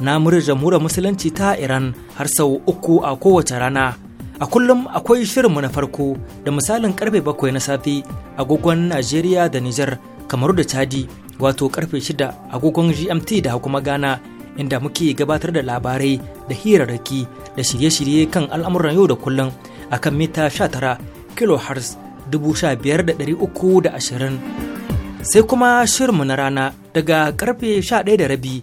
na murin jamhuriyar musulunci ta Iran har sau uku a kowace rana. A kullum akwai shirinmu na farko da misalin karfe bakwai na safe agogon Najeriya da Nijar kamaru da Chadi wato karfe shida agogon GMT da kuma Ghana inda muke gabatar da labarai da hirarraki da shirye-shirye kan al'amuran yau da kullum a kan mita sha tara dubu biyar da uku da ashirin. sai kuma shirinmu na rana daga karfe ɗaya da rabi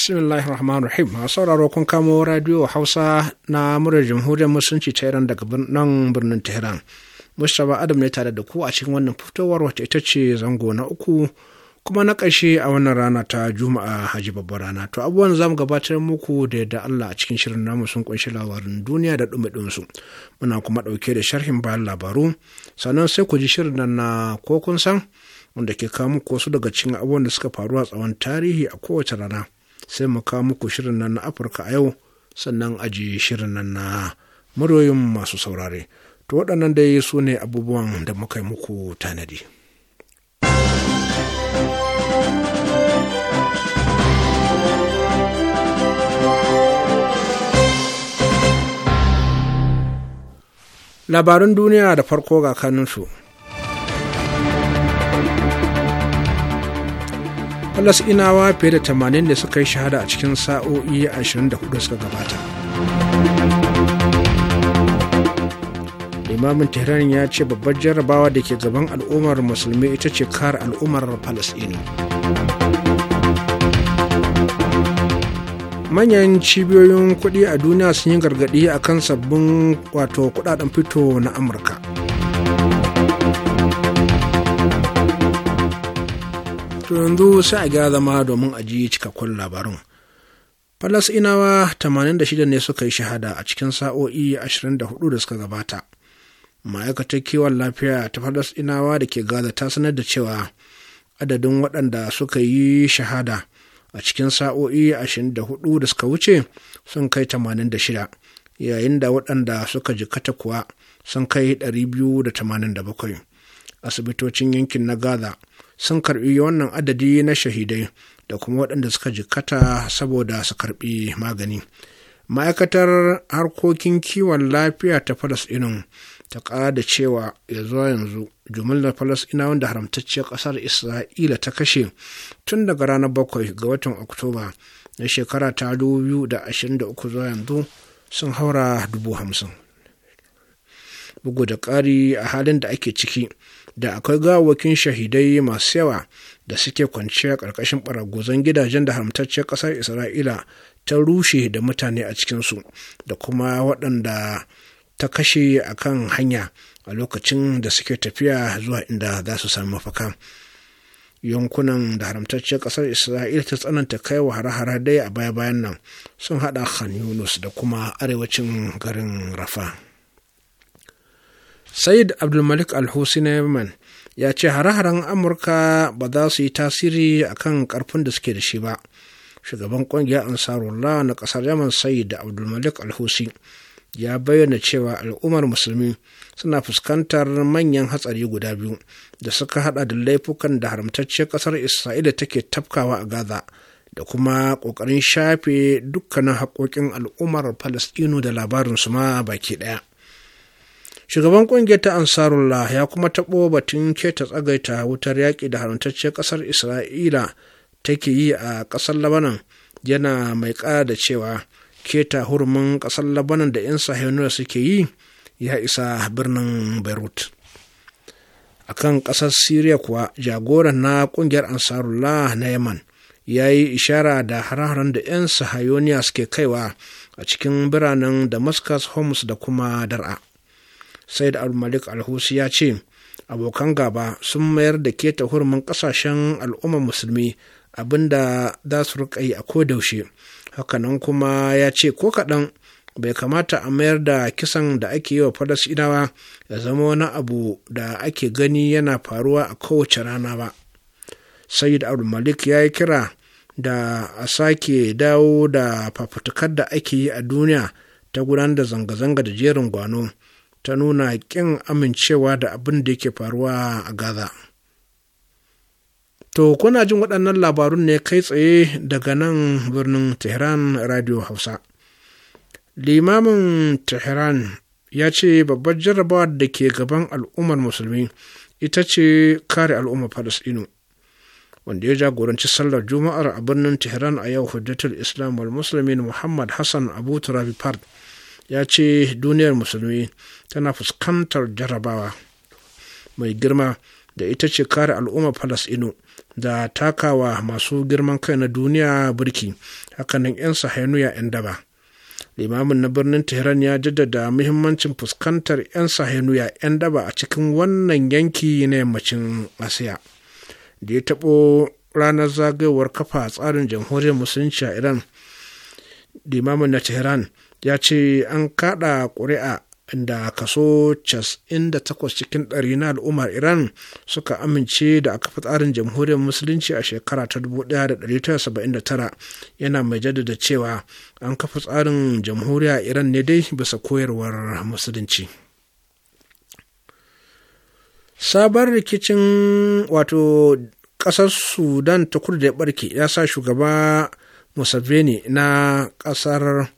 bismillahi rahmanir rahim a sauraro kun kamo radio hausa na murar jamhuriyar musulunci ta iran daga nan birnin tehran mustapha adam ne tare da ku a cikin wannan fitowar wata ita ce zango na uku kuma na ƙarshe a wannan rana ta juma'a haji babbar rana to abubuwan zamu gabatar muku da yadda allah a cikin shirin namu sun kunshi labarin duniya da ɗumi su muna kuma ɗauke da sharhin bayan labaru sannan sai ku ji shirin nan na ko kun san wanda ke kawo muku wasu daga cikin abubuwan da suka faru a tsawon tarihi a kowace rana sai mu kawo muku shirin nan na afirka a yau sannan aji shirin nan na muryoyin masu saurare to waɗannan dai su ne abubuwan da muka yi muku tanadi labarin duniya da farko ga kanunsu Inawa fiye da 80 ne suka yi shahada a cikin sa'o'i 24 suka gabata imamin tehran ya ce babbar jarrabawa da ke gaban al'ummar musulmi ita ce kare al'ummar falasini manyan cibiyoyin kuɗi a duniya sun yi gargaɗi kan sabbin wato kuɗaɗen fito na amurka to yanzu sai a gyara zama domin a ji cikakkun labarin falasinawa 86 ne suka yi shahada a cikin sa'o'i 24 da suka gabata ma'aikatar kiwon lafiya ta falasinawa da ke gaza ta sanar da cewa adadin waɗanda suka yi shahada a cikin sa'o'i 24 da suka wuce sun kai 86 yayin da waɗanda suka jikata kuwa sun kai 287 asibitocin yankin na gaza sun karbi wannan adadi na shahidai da kuma waɗanda suka jikkata saboda su karbi magani ma'aikatar harkokin kiwon lafiya ta falasɗinin ta ƙara da cewa ya zo yanzu jumlar ina wanda haramtacciyar ƙasar isra'ila ta kashe tun daga ranar bakwai ga watan oktoba na shekara ta 2023 zuwa yanzu sun haura dubu hamsin bugu da ƙari a halin da ake ciki da akwai gawakin shahidai masu yawa da suke kwanciya ƙarƙashin ɓaragozan gidajen da haramtacciyar ƙasar isra'ila ta rushe da mutane a cikinsu da kuma waɗanda ta kashe a kan hanya a lokacin da suke tafiya zuwa inda za su sami mafaka yankunan da haramtacciyar ƙasar isra'ila ta tsananta kai wa hare-hare dai a baya-bayan nan sun haɗa khan yunus da kuma arewacin garin rafa. Said Abdulmalik Al-Hussein ya ce hare-haren Amurka ba za su yi tasiri kan ƙarfin da suke da shi ba. Shugaban ƙungiyar Ansarullah na ƙasar Yaman Said Abdulmalik al ya bayyana cewa al'ummar musulmi suna fuskantar manyan hatsari guda biyu da suka hada da laifukan da haramtacciyar ƙasar isra'ila take tafkawa a gaza da kuma ƙoƙarin shafe dukkanin haƙoƙin al'ummar Falasɗinu da labarinsu ma baki ɗaya shugaban kungiyar ta ansarullah ya kuma taɓo batun keta tsagaita wutar yaƙi da haramtacciyar ƙasar isra'ila take yi a ƙasar labanan yana mai ƙara da cewa keta hurumin ƙasar labanan da 'yan sahihunar suke yi ya isa birnin beirut a kan ƙasar syria kuwa jagoran na ƙungiyar ansarullah na yaman ya yi ishara da hare-haren da 'yan sahihunar suke kaiwa a cikin biranen damascus homs da kuma dar'a said al-malik al-husi ya ce abokan gaba sun mayar da keta hurumin kasashen al'ummar musulmi abinda za su riƙa yi a kodaushe hakanan kuma ya ce ko kaɗan bai kamata a mayar da kisan da ake yi wa falasɗinawa ya zama wani abu da ake gani yana faruwa a kowace rana ba sayyid malik ya yi kira da a sake dawo da fafutukar da ake yi a duniya ta gudanar da zanga-zanga da jerin gwano ta nuna ƙin amincewa da abin da yake faruwa a gaza to kuna jin waɗannan labarun ne kai tsaye daga nan birnin tehran radio hausa limamin tehran ya ce babbar jarrabawa da ke gaban al'ummar musulmi ita ce kare al'ummar falasɗinu wanda ya jagoranci sallar juma'ar a birnin tehran a yau hujjatul islam wal muhammad hassan abu turabi park ya ce duniyar musulmi tana fuskantar jarabawa mai girma da ita ce kare al'ummar falasɗinu da takawa masu girman kai na duniya birki hakanan 'yan sahanuya 'yan daba limamin na birnin tehran ya jaddada muhimmancin fuskantar 'yan sahanuya 'yan daba a cikin wannan yanki na yammacin asiya da ya taɓo ranar zagayowar kafa tsarin jamhuriyar musulunci a iran limamin na tehran ya ce an kada ƙuri'a da kaso 98 cikin ɗari na al'ummar iran suka amince da aka fi tsarin jamhuriyar musulunci a shekara ta 1979 yana mai jaddada cewa an kafa tsarin jamhuriya iran ne dai bisa koyarwar musulunci sabon rikicin wato ƙasar sudan ta kudu da ya barke ya sa shugaba museveni na ƙasar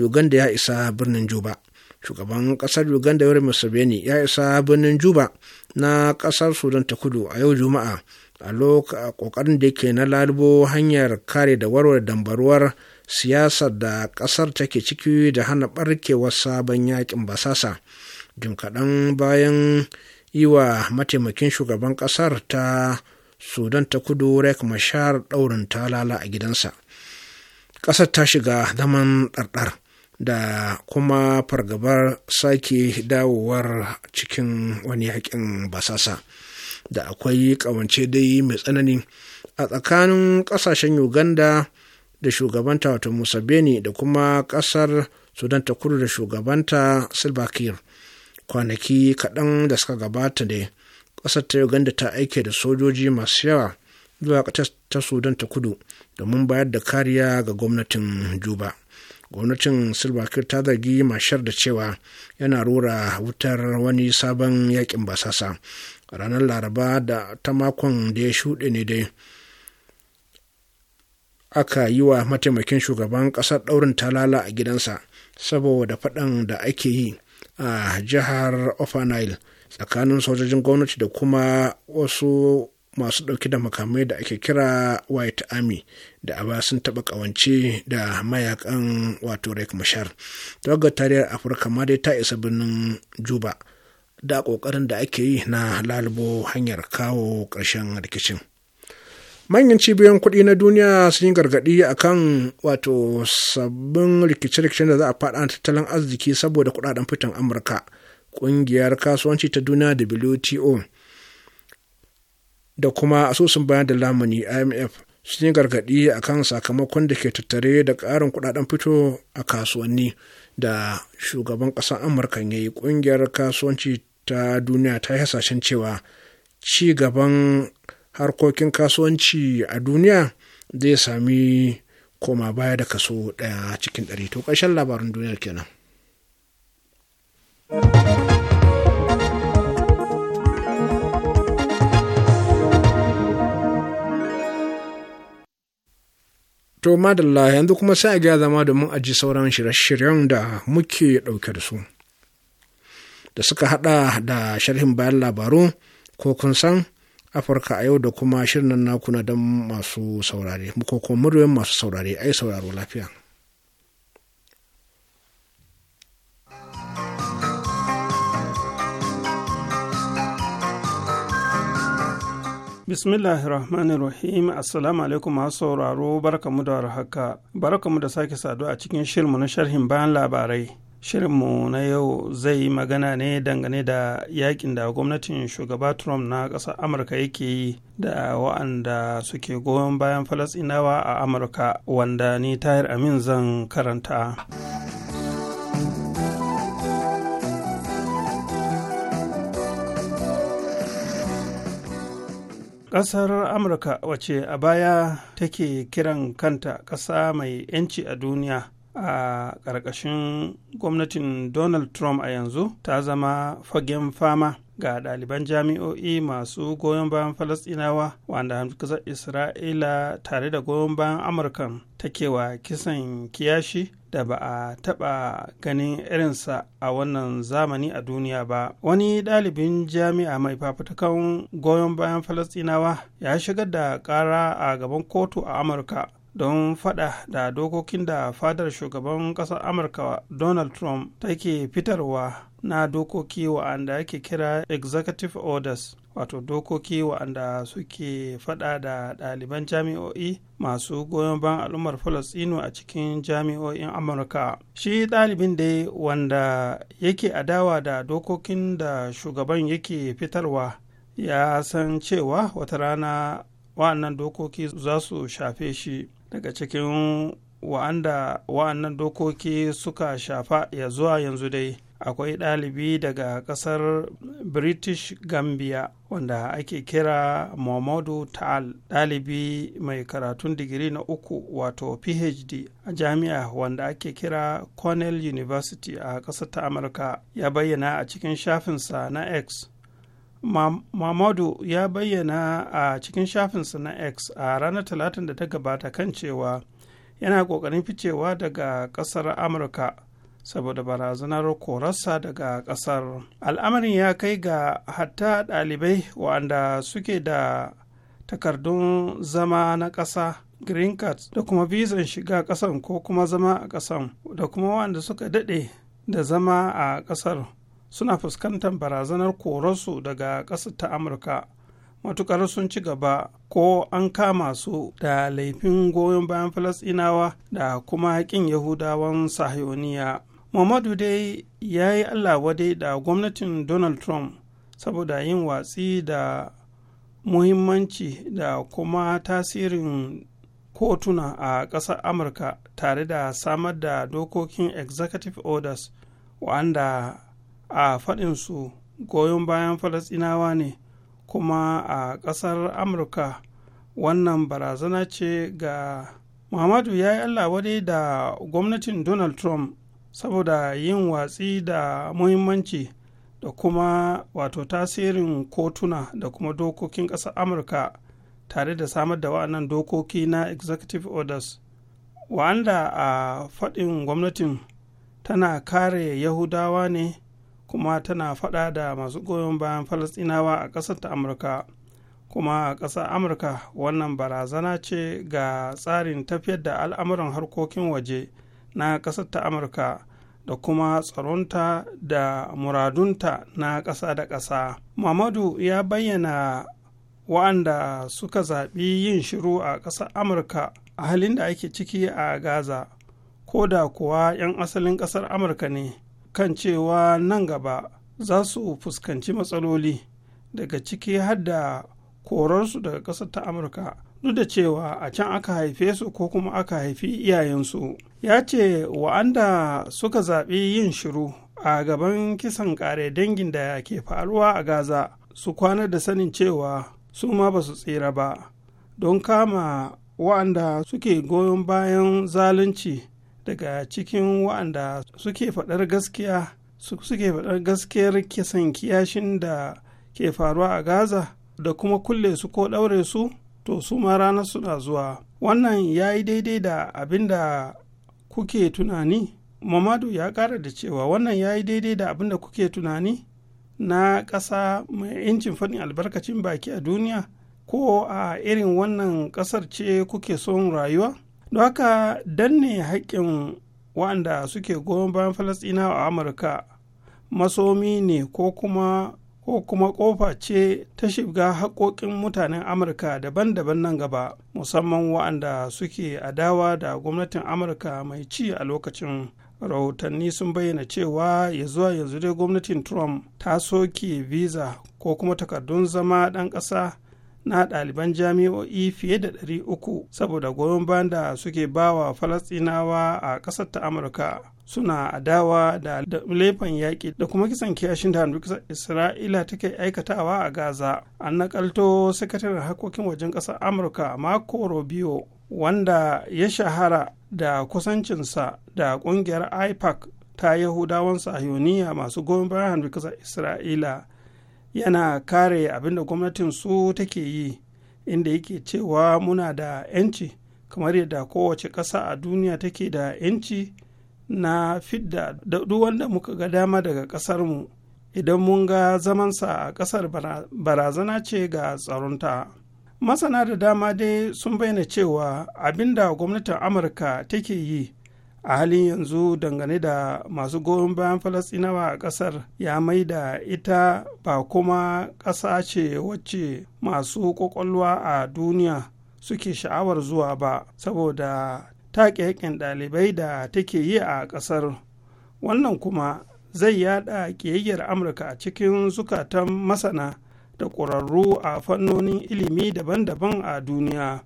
uganda ya isa birnin juba shugaban ƙasar uganda yoweri museveni ya isa birnin juba na ƙasar sudan ta kudu a yau juma'a a ƙoƙarin da yake na lalubo hanyar kare da warware dambaruwar siyasar da kasar take ciki da hana ɓarkewar sabon yakin basasa jim kaɗan bayan yi wa mataimakin shugaban ƙasar ta sudan ta kudu rek mashar ɗaurin talala a gidansa ƙasar ta shiga zaman ɗarɗar da kuma fargabar sake dawowar cikin wani yakin basasa da akwai kawance dai mai tsanani a tsakanin ƙasashen uganda da shugabanta wato musabeni da kuma ƙasar sudan ta kudu da shugabanta silbakir kwanaki kaɗan da suka gabata ne ƙasar ta uganda ta aike da sojoji masu yawa zuwa ƙasar ta sudan ta kudu domin bayar da kariya ga gwamnatin juba gwamnatin silva ta zargi mashar da cewa yana rura wutar wani sabon yakin basasa ranar laraba da ta makon da ya shuɗe ne dai aka yi wa mataimakin shugaban ƙasar ɗaurin talala a gidansa saboda faɗan da ake yi a jihar Ofanail tsakanin sojojin gwamnati da kuma wasu masu ɗauke da makamai da ake kira white army da a baya sun taɓa ƙawance da mayakan wato rek mashar tawagar tarihar afirka ma dai ta isa birnin juba da ƙoƙarin da ake yi na lalubo hanyar kawo ƙarshen rikicin manyan cibiyoyin kuɗi na duniya sun yi gargaɗi a kan wato sabbin rikice-rikicen da za a faɗa tattalin arziki saboda kuɗaɗen fitan amurka ƙungiyar kasuwanci ta duniya wto da kuma asusun bayan da lamuni imf sun yi gargaɗi a kan sakamakon da ke tattare da ƙarin kuɗaɗen fito a kasuwanni da shugaban ƙasar amurka ya yi ƙungiyar kasuwanci ta duniya ta yi hasashen cewa ci gaban harkokin kasuwanci a duniya zai sami koma baya da kaso ɗaya cikin ɗari to ƙarshen labarin duniyar kenan. To madalla yanzu kuma sai a zama domin a ji sauran shirye-shiryen da muke ɗauke da su. Da suka haɗa da sharhin bayan labaru ko kun san Afirka a yau da kuma shirin nan na kuna don masu saurare, ko kuma muryoyin masu saurare, ai sauraro lafiya. rahim Assalamu alaikum masu sauraro barkamu da warhaka barkamu da sake saduwa a cikin shirinmu na sharhin bayan labarai. Shirinmu na yau zai yi magana ne dangane da yakin da gwamnatin shugaba Trump na ƙasar Amurka yake yi da wa'anda suke goyon bayan falasinawa a Amurka wanda ni Tahir Amin zan karanta. ƙasar amurka wace a baya take kiran kanta ƙasa mai 'yanci a duniya a ƙarƙashin gwamnatin donald trump a yanzu ta zama fagen fama ga ɗaliban jami'o'i masu goyon bayan falasɗinawa wanda hamdukasar isra'ila tare da goyon bayan amurkan take wa kisan kiyashi da ba a taɓa ganin irinsa a wannan zamani a duniya ba wani ɗalibin jami'a mai fafutukan goyon bayan falastinawa ya shigar da ƙara a gaban kotu a amurka don fada da dokokin da fadar shugaban ƙasar amurka donald trump take fitarwa na dokoki wa'anda ake kira executive orders wato dokoki wa'anda suke faɗa da ɗaliban jami'o'i masu goyon ban al'ummar falastinu a cikin jami'o'in amurka shi ɗalibin dai wanda yake adawa da dokokin da shugaban yake fitarwa ya san cewa wata rana wa'annan dokoki za su shafe shi daga cikin wa'anda wa'annan dokoki suka shafa ya zuwa yanzu dai akwai ɗalibi daga ƙasar british gambia wanda ake kira momodu ta'al ɗalibi mai karatun digiri na uku wato phd a jami'a wanda ake kira cornell university a ƙasar ta amurka ya bayyana a cikin shafinsa na x Mamadu ya bayyana a cikin shafinsa na X a ranar talatin da ta gabata kan cewa yana ƙoƙarin ficewa daga ƙasar Amurka saboda barazanar korarsa daga ƙasar al'amarin ya kai ga hatta ɗalibai waɗanda suke da takardun zama na ƙasa green card da kuma bizan shiga ƙasan ko kuma zama a ƙasan da kuma waɗanda suka daɗe da zama a ƙasar suna fuskantar barazanar korarsu daga ƙasar ta amurka matukar sun ci gaba ko an kama su da laifin goyon bayan falasɗinawa da kuma haƙin yahudawan sahiyoniya muhammadu dai ya yi allah wadai da gwamnatin donald trump saboda yin watsi da muhimmanci da kuma tasirin kotuna a ƙasar amurka tare da samar da dokokin executive orders wanda a faɗinsu goyon bayan falasɗinawa ne kuma a ƙasar amurka wannan barazana ce ga muhammadu ya yi allah wadai da gwamnatin donald trump saboda yin watsi da muhimmanci da kuma wato tasirin kotuna da kuma dokokin ƙasar amurka tare da samar da wa'annan dokoki na executive orders wanda a faɗin gwamnatin tana kare yahudawa ne kuma tana faɗa da masu goyon bayan falastinawa a ƙasar ta amurka kuma a ƙasar amurka wannan barazana ce ga tsarin tafiyar da al'amuran harkokin waje na ƙasar ta amurka da kuma tsaronta da muradunta na ƙasa da ƙasa mamadu ya bayyana wa'anda suka zaɓi yin shiru a ƙasar amurka a halin da ake ciki a gaza ko da kuwa 'yan asalin ƙasar amurka ne kan cewa nan gaba za su fuskanci matsaloli daga ciki har da korarsu daga ƙasar ta amurka duk da cewa a can aka haife su ko kuma aka haifi iyayensu ya ce wa'anda suka zaɓi yin shiru a gaban kisan ƙare dangin da ke faruwa a gaza su kwana da sanin cewa su ma ba su tsira ba don kama wa'anda suke goyon bayan zalunci daga cikin wa'anda suke faɗar gaskiya suke faɗar gaskiyar kisan kiyashin da ke faruwa a gaza da kuma kulle su ko ɗaure su to su ma ranar suna zuwa wannan ya yi daidai da abin da kuke tunani mamadu ya ƙara da cewa wannan ya yi daidai da abin da kuke tunani na ƙasa mai incin fannin albarkacin baki a duniya ko a irin wannan ƙasar ce kuke son rayuwa don haka danne haƙƙin waɗanda suke goyon bayan falasɗinawa a amurka masomi ne ko kuma ko kuma ƙofa ce ta shiga haƙoƙin mutanen amurka daban-daban nan gaba musamman wa'anda suke adawa da gwamnatin amurka mai ci a lokacin rahotanni sun bayyana cewa ya zuwa yanzu dai gwamnatin trump ta soke visa ko kuma takardun zama ɗan ƙasa na ɗaliban jami'o'i fiye da 300 saboda goyon bayan da suke bawa falastinawa a ƙasar ta amurka suna adawa da laifin yaƙi da kuma kisan kiyashin da hamdukisar isra'ila take aikatawa a gaza an naƙalto sakataren harkokin wajen ƙasar amurka mako rubio wanda ya shahara da kusancinsa da ƙungiyar ipac ta yahudawan sahiyoniya masu goyon bayan hamdukisar isra'ila yana kare abin da gwamnatin su take yi inda yake cewa muna da 'yanci kamar yadda kowace ƙasa a duniya take da 'yanci na fidda duk wanda muka ga dama daga ƙasarmu idan mun ga zamansa a ƙasar barazana ce ga tsaronta masana da dama dai sun bayyana cewa abin da gwamnatin amurka take yi a halin yanzu dangane da masu goyon bayan falasinawa a kasar ya maida ita ba kuma ƙasa ce wacce masu ƙwaƙwalwa a duniya suke sha'awar zuwa ba saboda ta haƙƙin ɗalibai da take yi a ƙasar wannan kuma zai yada ƙiyayyar amurka a cikin zukatan masana da ƙwararru a fannonin ilimi daban-daban a duniya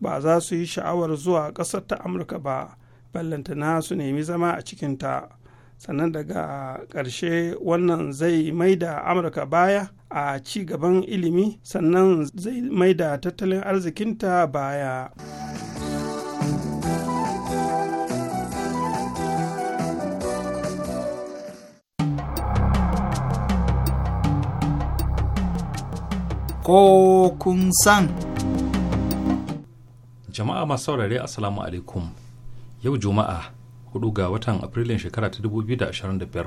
ba za su yi sha'awar zuwa ƙasar ta amurka ba Ballanta na su nemi zama a cikinta sannan daga ƙarshe wannan zai maida amurka baya a ci gaban ilimi sannan zai maida tattalin arzikinta baya. ko kun san. Jama'a masu saurare asalamu alaikum yau juma'a 4 ga watan afrilun shekara ta 2025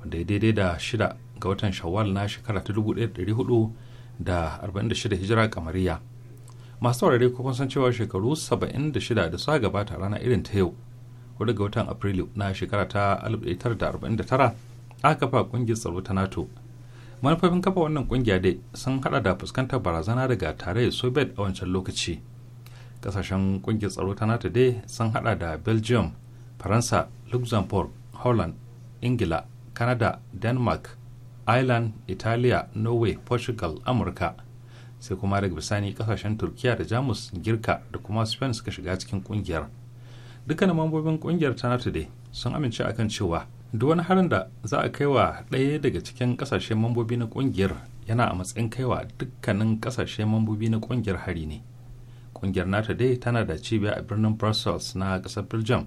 wanda ya daidai da 6 ga watan shawwal na shekara ta 1446 hijira kamariya masu saurare ko kun san cewa shekaru 76 da suka gabata rana irin ta yau 4 ga watan afrilu na shekara ta 1949 aka kafa kungiyar tsaro ta nato manufofin kafa wannan kungiya dai sun hada da fuskantar barazana daga tarayyar soviet a wancan lokaci kasashen kungiyar tsaro ta nato dai sun hada da belgium faransa luxembourg holland ingila canada denmark ireland italiya norway portugal amurka sai kuma daga bisani kasashen turkiya da jamus girka da kuma spain suka shiga cikin kungiyar dukkanin mambobin kungiyar ta nato dai sun amince akan cewa duk wani harin da za a kaiwa ɗaya daga cikin kasashen mambobi na kungiyar yana a matsayin kaiwa dukkanin kasashen mambobi na kungiyar hari ne kungiyar nata dai tana da cibiya a birnin brussels na kasar belgium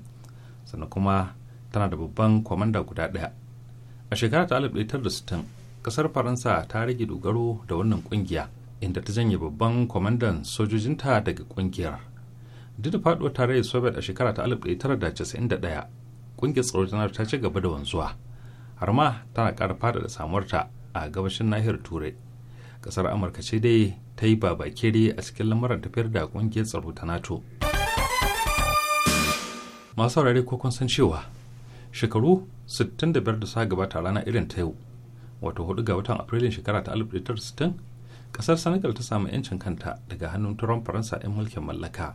sannan kuma tana da babban kwamanda guda ɗaya a shekara ta 1960 kasar faransa ta rage dogaro da wannan kungiya inda ta janye babban kwamandan sojojinta daga kungiyar duk da faduwar tarayyar soviet a shekara ta 1991 kungiyar tsaro ta ci gaba da wanzuwa har ma tana ƙara faɗaɗa samuwarta a gabashin nahiyar turai kasar amurka ce dai ta yi babakere a cikin lamuran tafiyar da kungiyar tsaro ta nato masu saurare ko kun san cewa shekaru 65 da sa gabata rana irin ta yau wato 4 ga watan afrilun shekara ta 1960 kasar senegal ta samu 'yancin kanta daga hannun turan faransa 'yan mulkin mallaka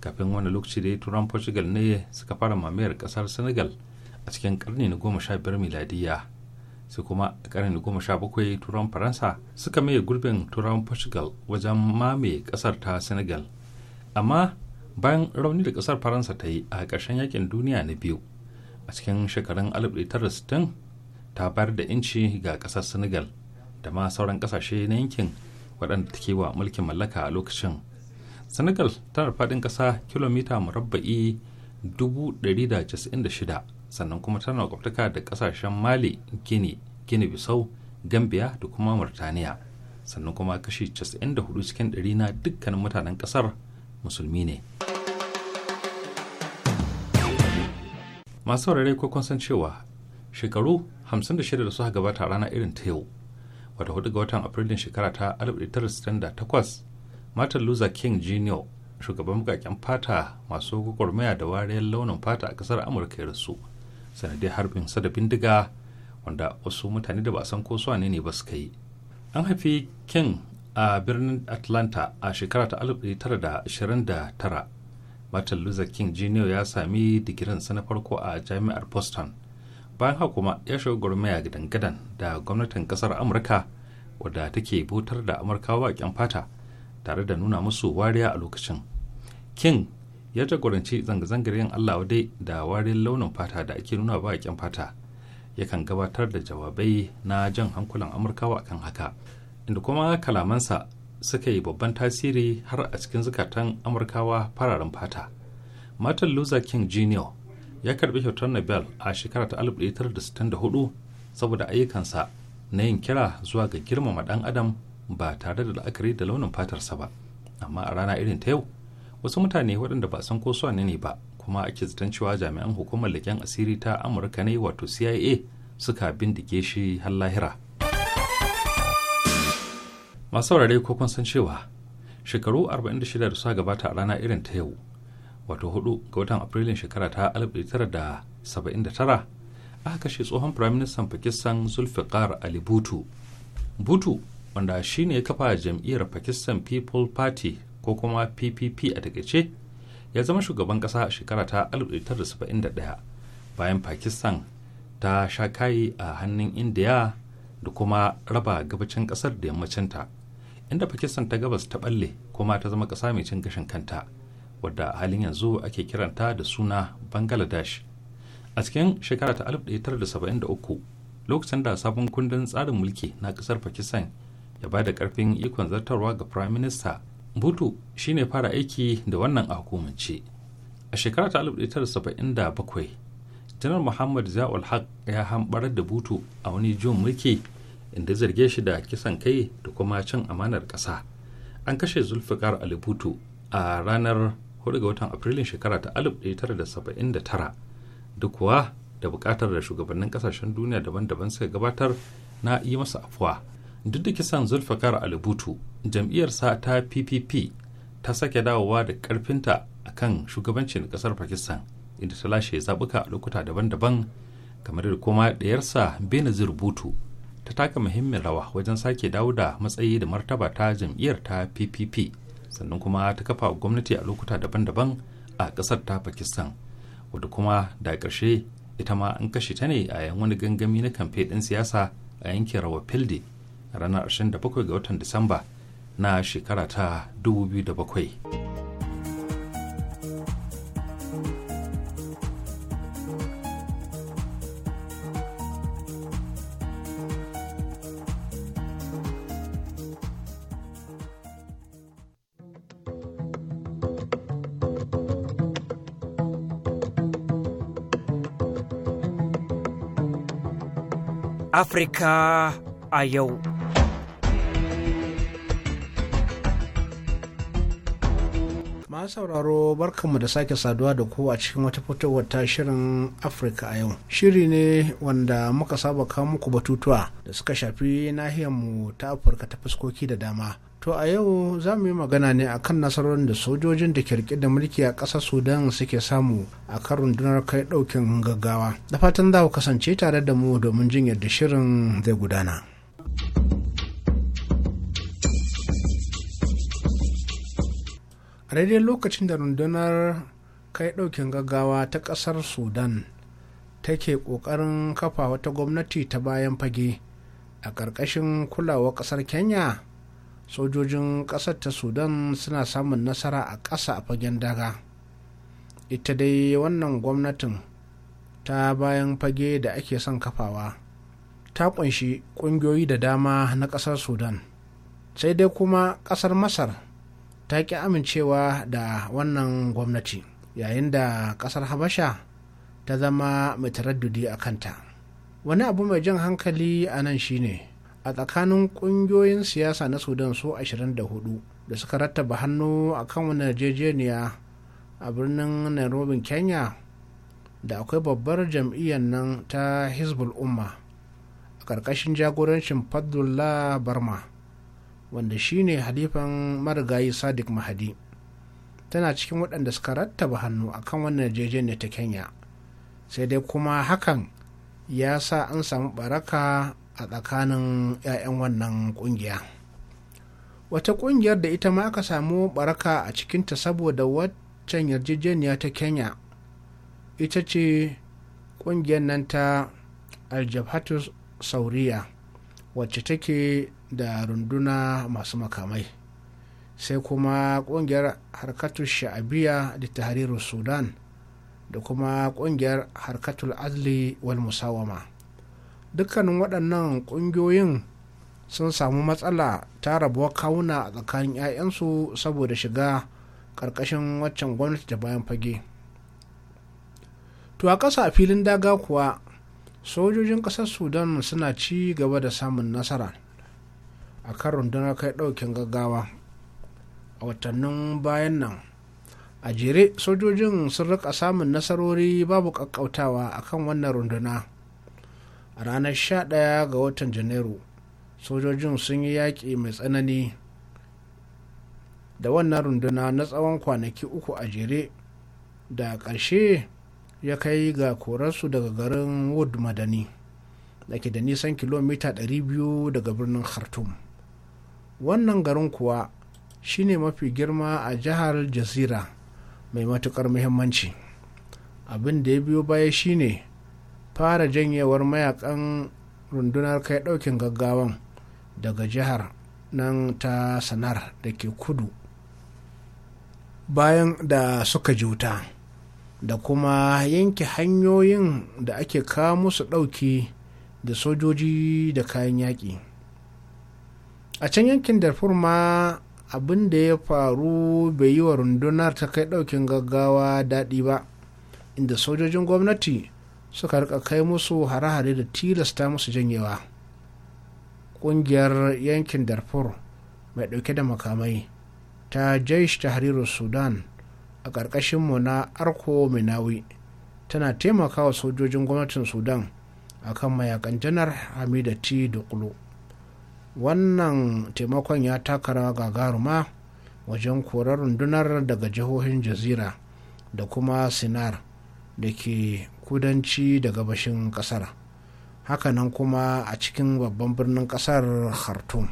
kafin wani lokaci da turan portugal ne suka fara mamayar kasar senegal a cikin karni na 15 miladiyya sai kuma a karni goma sha bakwai turawan faransa suka maye gurbin turawan portugal wajen mamaye kasar ta senegal amma bayan rauni da kasar faransa ta yi a ƙarshen yakin duniya na biyu a cikin shekarun 1960 ta bayar da inci ga kasar senegal da ma sauran kasashe na yankin waɗanda take wa mulkin mallaka a lokacin senegal tana faɗin ƙasa kilomita murabba'i shida. sannan kuma tana kwaftaka da kasashen mali gini gini bisau gambia da kuma murtaniya sannan kuma kashi 94 cikin 100 na dukkanin mutanen kasar musulmi ne masu saurare ko kun san cewa shekaru 56 da suka gabata a rana irin ta yau wata hudu ga watan afrilun shekara ta 1968 martin luther king jr shugaban bukaken fata masu gwagwarmaya da wariyar launin fata a kasar amurka ya rasu sanadiyar harbin sa da bindiga wanda wasu mutane da ba san ko su ne ba suka yi an haifi king a birnin atlanta a shekara ta 1929 martin luther king jr ya sami digirinsa na farko a jami'ar boston bayan haka kuma ya shiga gwarmaya gidan gadan da gwamnatin kasar amurka wadda take bautar da amurkawa baƙin fata tare da nuna musu wariya a lokacin king ya jagoranci zanga-zangar yin allah dai da warin launin fata da ake nuna ba fata yakan gabatar da jawabai na jan hankulan amurkawa kan haka inda kuma kalamansa suka yi babban tasiri har a cikin zukatan amurkawa fararen fata martin luther king jr ya karbi kyautar nobel a shekara ta 1964 saboda ayyukansa na yin kira zuwa ga girmama dan adam ba tare da la'akari da launin fatarsa ba amma a rana irin ta yau wasu mutane waɗanda ba san ko su ne ba kuma ake zaton cewa jami'an hukumar leƙen asiri ta amurka ne wato cia suka bindige shi har lahira masu saurare ko kun san cewa shekaru 46 da suka gabata a rana irin ta yau wato 4 ga watan afrilun shekara ta 1979 aka kashe tsohon firaministan pakistan zulfikar ali butu butu wanda shine ya kafa jam'iyyar pakistan people party ko kuma ppp a takaice ya zama shugaban kasa a shekara ta 1971 bayan pakistan ta sha kayi a hannun indiya da kuma raba gabacin kasar da yammacin ta inda pakistan ta gabas ta balle kuma ta zama kasa mai cin gashin kanta wadda a halin yanzu ake kiranta da suna bangladesh a cikin shekara ta 1973 lokacin da sabon kundin tsarin mulki na kasar pakistan ya ba da karfin ikon zartarwa ga prime minister butu shi ne fara aiki da wannan a hukumance a shekarar ta 1977 janar muhammad za'ul haq ya hambar da butu a wani jin mulki inda zarge shi da kisan kai da kuma cin amanar ƙasa an kashe zulfikar ali butu a ranar 4 ga watan afrilun shekara ta 1979 duk kuwa da bukatar da shugabannin ƙasashen duniya daban-daban suka gabatar na yi masa afuwa duk da kisan zulfikar alibutu jam'iyyarsa ta ppp ta sake dawowa da karfinta a kan shugabancin kasar pakistan inda ta lashe zabuka a lokuta daban-daban kamar da kuma ɗayarsa benazir butu ta taka muhimmin rawa wajen sake dawo da matsayi da martaba ta jam'iyyar ta ppp sannan kuma ta kafa gwamnati a lokuta daban-daban a ƙasar ta pakistan wadda kuma da ƙarshe ita ma an kashe ta ne a yan wani gangami na kamfe ɗin siyasa a yankin rawa filde ranar 27 ga watan Disamba na shekara ta 2007. Afirka a yau. masu sauraro barkanmu da sake saduwa da ku a cikin wata fitowar ta shirin afirka a yau shiri ne wanda muka saba kawo muku batutuwa da suka shafi nahiyarmu ta afirka ta fuskoki da dama to a yau za mu yi magana ne a kan nasarorin da sojojin da kirki da mulki a ƙasar sudan suke samu a kan rundunar kai ɗaukin gaggawa da fatan za ku kasance tare da mu domin jin yadda shirin zai gudana daidai lokacin da rundunar kai ɗaukin gaggawa ta ƙasar sudan take ƙoƙarin kafa wata gwamnati ta bayan fage a ƙarƙashin kulawa ƙasar kenya sojojin ƙasar ta sudan suna samun nasara a ƙasa a fagen daga ita dai wannan gwamnatin ta bayan fage da ake son kafawa ta ƙunshi ƙungiyoyi da dama na ƙasar sudan sai dai kuma ƙasar masar ta ki amincewa da wannan gwamnati yayin da ƙasar habasha ta zama mai taraddudi a kanta wani abu mai jan hankali a nan shine a tsakanin ƙungiyoyin siyasa na sudan su 24 da suka rattaba hannu a kan wani yarjejeniya a birnin nairobi kenya da akwai babbar jam'iyyar nan ta hezbollah umma a ƙarƙashin jagorancin fadullah barma wanda shine halifan marigayi sadiq mahadi tana cikin waɗanda suka rattaba hannu akan wannan yarjejeniyar ta kenya sai dai kuma hakan ya sa an samu baraka a tsakanin 'ya'yan wannan ƙungiya wata ƙungiyar da ita ma aka samu baraka a cikinta saboda waccan yarjejeniya ta kenya ita ce ƙungiyar nan ta aljabhatus sauriya wacce take da runduna masu makamai sai kuma kungiyar harkatul sha'abiya da tahrirus sudan da kuma kungiyar harkatul azli wal musawama dukkanin waɗannan ƙungiyoyin sun samu matsala ta rabuwa kawuna a tsakanin 'ya'yansu saboda shiga ƙarƙashin waccan gwamnati da bayan fage to a ƙasa a filin daga kuwa sojojin ƙasar sudan suna ci gaba da samun nasara a kan rundunar kai ɗaukin gaggawa a watannin bayan nan a jere sojojin sun rika samun nasarori babu kakkautawa a kan wannan runduna a ranar 11 ga watan janairu sojojin sun yi yaƙi mai tsanani da wannan runduna na tsawon kwanaki uku a jere da ƙarshe ya kai ga korarsu daga garin wood madani da ke da nisan kilomita 200 daga birnin khartoum wannan garin kuwa shine mafi girma a jihar jazira mai matukar muhimmanci abin da ya biyo baya shine fara janyewar mayakan rundunar kai daukin gaggawan daga jihar nan ta sanar da ke kudu bayan da suka juta da kuma yanke hanyoyin da ake kawo musu ɗauki da sojoji da kayan yaƙi. a can yankin darfur ma abin da ya faru bai yi wa rundunar ta kai daukin gaggawa daɗi ba inda sojojin gwamnati suka rika kai musu hare-hare da tilasta musu janyewa ƙungiyar yankin darfur mai ɗauke da makamai ta jaish tahriru sudan a ƙarƙashin mu na arko minawi tana taimakawa sojojin gwamnatin sudan akan mayakan janar hamida t dukulu wannan taimakon ya taka rawa gagaruma wajen korar rundunar daga jihohin jazira da kuma sinar da ke kudanci da gabashin kasar hakanan kuma a cikin babban birnin kasar khartoum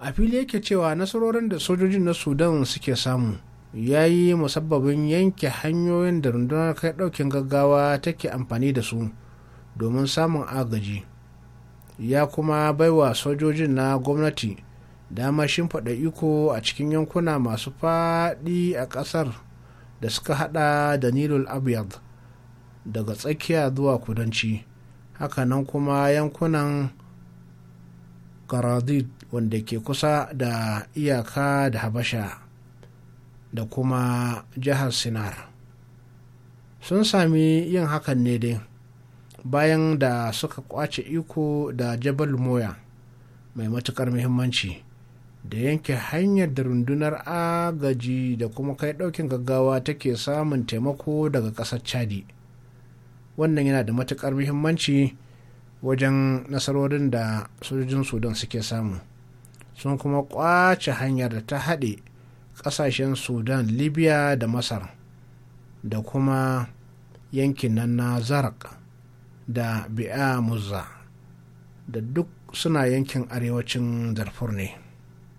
a fili yake cewa nasarorin da sojojin na sudan suke samu ya yi musabbabin yanke hanyoyin da rundunar kai daukin gaggawa take amfani da su domin samun agaji ya kuma baiwa sojojin na gwamnati dama shimfiɗa iko a cikin yankuna masu faɗi a ƙasar da suka haɗa da nilul abyad daga tsakiya zuwa kudanci hakanan kuma yankunan karadid wanda ke kusa da iyaka da habasha da kuma jihar sinar sun sami yin hakan ne dai bayan da suka kwace iko da jabal moya mai matukar muhimmanci da yanke hanyar da rundunar agaji da kuma kai daukin gaggawa take samun taimako daga kasar chadi wannan yana da matukar muhimmanci wajen nasarorin da sojojin sudan suke samu sun kuma kwace hanyar da ta haɗe ƙasashen sudan libya da masar da kuma yankin na zarak da bi'a muzza da duk suna yankin arewacin darfur ne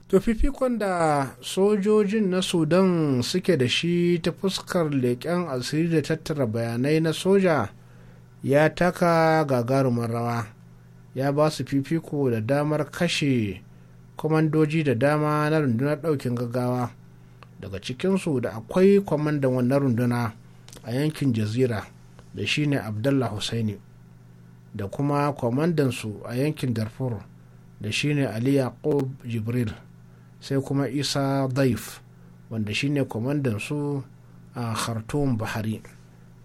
to fifikon da sojojin na sudan suke da shi ta fuskar leƙen asiri da tattara bayanai na soja ya taka gagarumin rawa ya ba su fifiko da damar kashe kwamandoji da dama na rundunar ɗaukin gaggawa daga cikinsu da akwai kwamandan wannan runduna a yankin jazira da shine abdullahi hussaini da kuma kwamandansu a yankin darfur da shine ali yaqub jibril sai kuma isa daif wanda shine kwamandansu a khartoum bahari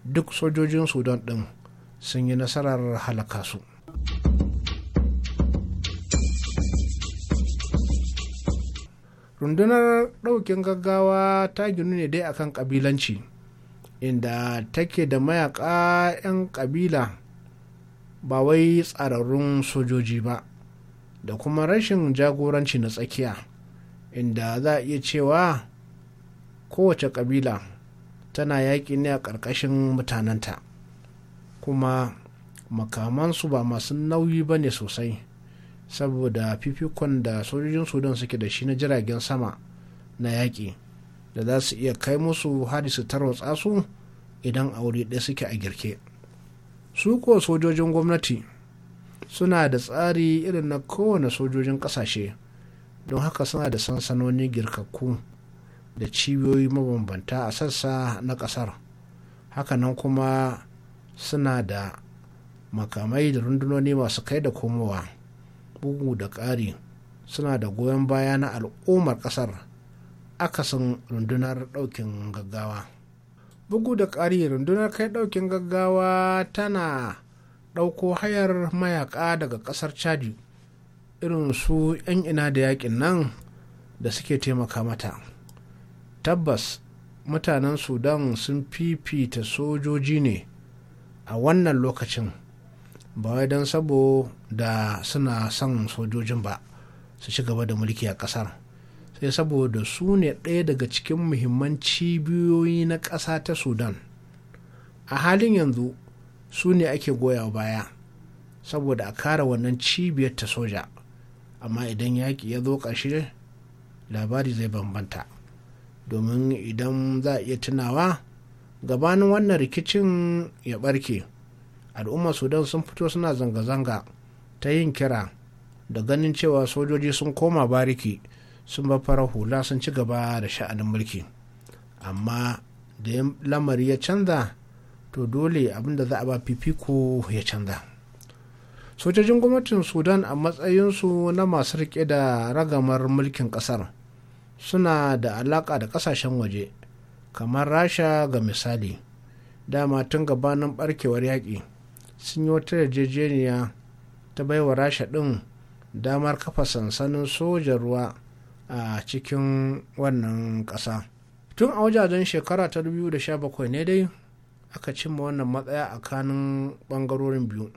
duk sojojin sudan din sun yi nasarar halaka su rundunar daukin gaggawa ta ginu ne dai akan ƙabilanci inda take da mayaka 'yan ƙabila ba wai tsararrun sojoji ba da kuma rashin jagoranci na tsakiya inda za a iya cewa kowace ƙabila tana yaƙi ne a ƙarƙashin mutanenta kuma makamansu ba masu nauyi ba ne sosai saboda fifikon da sojojin sudan suke da shi na jiragen sama na yaƙi da za su iya kai musu hadi su tarwatsa su idan a wuri ɗaya suke a girke su ko sojojin gwamnati suna da tsari irin na kowane sojojin kasashe don haka suna da sansanoni girkakku da cibiyoyi mabambanta a sassa na kasar hakanan kuma suna da makamai da rundunoni masu kai da komowa bugu da ƙari suna da goyon baya na al'ummar ƙasar akasin rundunar ɗaukin gaggawa. bugu da ƙari rundunar kai ɗaukin gaggawa tana ɗauko hayar mayaka daga ƙasar chadi irin su 'yan ina da yaƙin nan da suke taimaka mata tabbas mutanen sudan sun fifita sojoji ne a wannan lokacin ba wai don saboda suna son sojojin ba su ci gaba da mulki a ƙasar sai saboda su ne ɗaya daga cikin muhimman cibiyoyi na ƙasa ta sudan a halin yanzu su ne ake goya baya saboda a kara wannan cibiyar ta soja amma idan yaƙi ya zo ƙarshe labari zai bambanta domin idan za a iya tunawa gabanin wannan rikicin ya ɓarke al'ummar sudan sun fito suna zanga-zanga ta yin kira da ganin cewa sojoji sun koma bariki sun ba fara hula sun ci gaba da sha'anin mulki amma da lamari ya canza to dole abinda za a ba fifiko ya canza sojojin gwamnatin sudan a matsayinsu na masu rike da ragamar mulkin kasar suna da alaka da kasashen waje kamar rasha ga misali dama tun gabanin barkewar yaƙi sun yi wata yarjejeniya ta baiwa rasha ɗin damar kafa sansanin sojan ruwa a cikin wannan ƙasa tun a wajajen shekara ta 2017 ne dai aka cimma wannan matsaya a kanin ɓangarorin biyu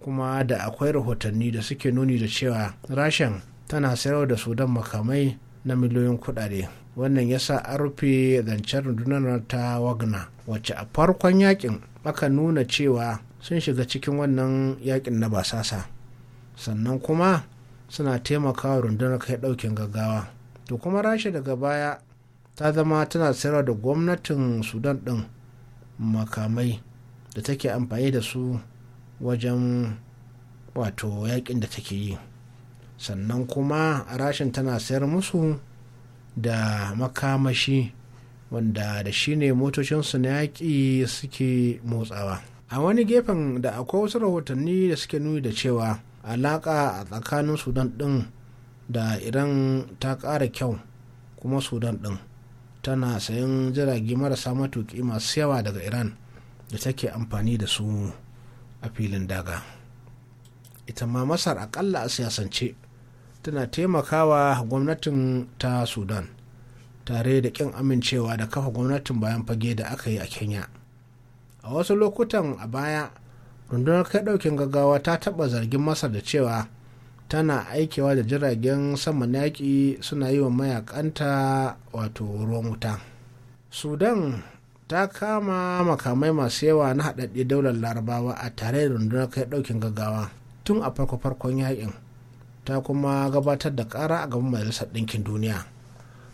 kuma da akwai rahotanni da suke nuni da cewa rashin tana sayar da sudan makamai na miliyoyin kudade wannan ya sa an rufe zancen rundunar ta wagna. wacce a farkon yakin aka nuna cewa sun shiga cikin wannan yakin na basasa sannan kuma suna taimakawa rundunar kai daukin gaggawa to kuma rasha daga baya ta zama tana sayarwa da gwamnatin sudan din makamai da take amfani da su wajen wato yakin da take yi sannan kuma a rashin tana sayar musu da makamashi wanda da shi ne motocinsu na yaƙi suke motsawa a wani gefen da akwai wasu rahotanni da suke nuni da cewa alaƙa a tsakanin sudan ɗin da iran ta ƙara kyau kuma sudan ɗin tana sayan jirage marasa matuƙi masu yawa daga iran da take amfani da su a filin daga ita ma masar akalla a siyasance tana taimakawa gwamnatin ta sudan tare da ƙin amincewa da kafa gwamnatin bayan fage da aka yi a kenya a wasu lokutan a baya rundunar kai daukin gaggawa ta taba zargin masar da cewa tana aikewa da jiragen saman yaƙi suna yi wa mayakanta wato ruwan wuta sudan ta kama makamai masu yawa na haɗaɗɗe daular larabawa a tare da rundunar kai daukin gaggawa tun a farko-farkon yaƙin ta kuma gabatar da ƙara a gaban majalisar ɗinkin duniya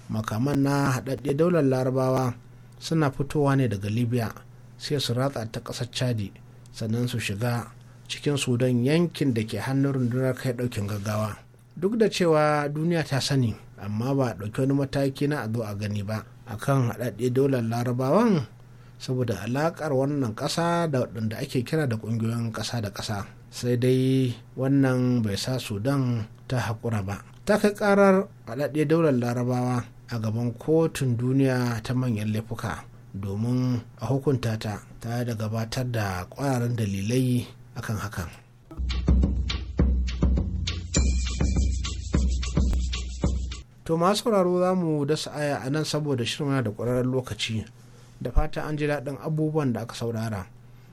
makaman na haɗaɗɗe daular larabawa suna fitowa ne daga libya sai su ratsa ta ƙasar chadi sannan su shiga cikin sudan yankin da ke hannun rundunar kai ɗaukin gaggawa duk da cewa duniya ta sani amma ba a ɗauki wani mataki na a zo a gani ba akan haɗaɗɗe daular larabawan saboda alaƙar wannan ƙasa da waɗanda ake kira da ƙungiyoyin ƙasa da ƙasa sai dai wannan bai sa sudan ta haƙura ba ta kai ƙarar haɗaɗɗe daular larabawa a gaban kotun duniya ta manyan laifuka domin a hukunta ta ta da gabatar da kwararan dalilai akan hakan. To masu sauraro za mu dasa aya a nan saboda shirma da ƙwararren lokaci da fata an ji daɗin abubuwan da aka saurara.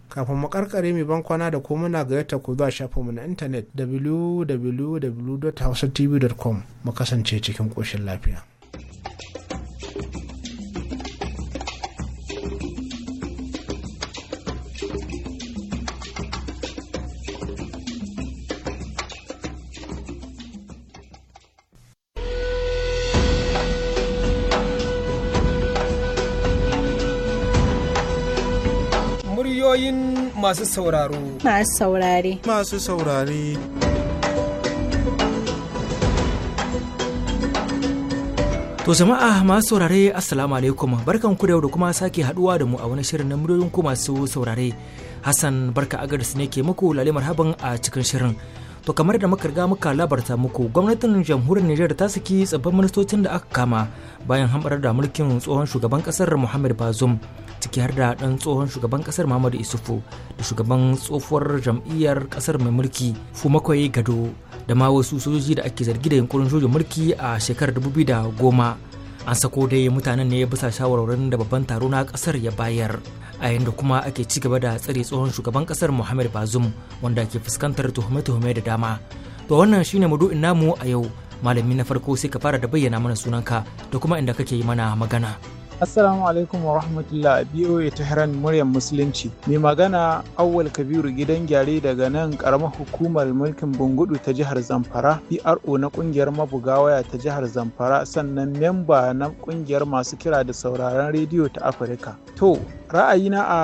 Kafin mu karkare mai ban da ko muna gayyata ku zuwa mu na intanet www.hausatv.com mu kasance cikin ƙoshin lafiya. ra'ayoyin masu sauraro. Masu saurare. Masu saurare. To jama'a masu saurare assalamu alaikum barkan ku da yau da kuma sake haduwa da mu a wani shirin na muryoyin ku masu saurare. Hassan barka agarsu ne ke muku lale marhaban a cikin shirin. To kamar da muka riga muka labarta muku gwamnatin jamhuriyar Nijar ta saki tsabban ministocin da aka kama bayan hambarar da mulkin tsohon shugaban kasar Muhammad Bazoum. ciki har da ɗan tsohon shugaban ƙasar Muhammadu Isufu da shugaban tsohuwar jam'iyyar ƙasar mai mulki Fumakwai Gado da ma wasu sojoji da ake zargi da yunkurin sojin mulki a shekarar da goma an sako dai mutanen ne bisa shawarwarin da babban taro na kasar ya bayar a yanda kuma ake ci gaba da tsare tsohon shugaban kasar muhammad bazum wanda ke fuskantar tuhume-tuhume da dama to wannan shine madu'in namu a yau malami na farko sai ka fara da bayyana mana sunanka da kuma inda kake yi mana magana. Assalamu alaikum wa rahmatullah BOA Tehran muryar Musulunci. Mai magana Awwal Kabiru gidan gyare daga nan karamar hukumar mulkin Bungudu ta jihar Zamfara, PRO na kungiyar mabuga waya ta jihar Zamfara sannan memba na kungiyar masu kira da sauraron rediyo ta Afirka. To, ra'ayina a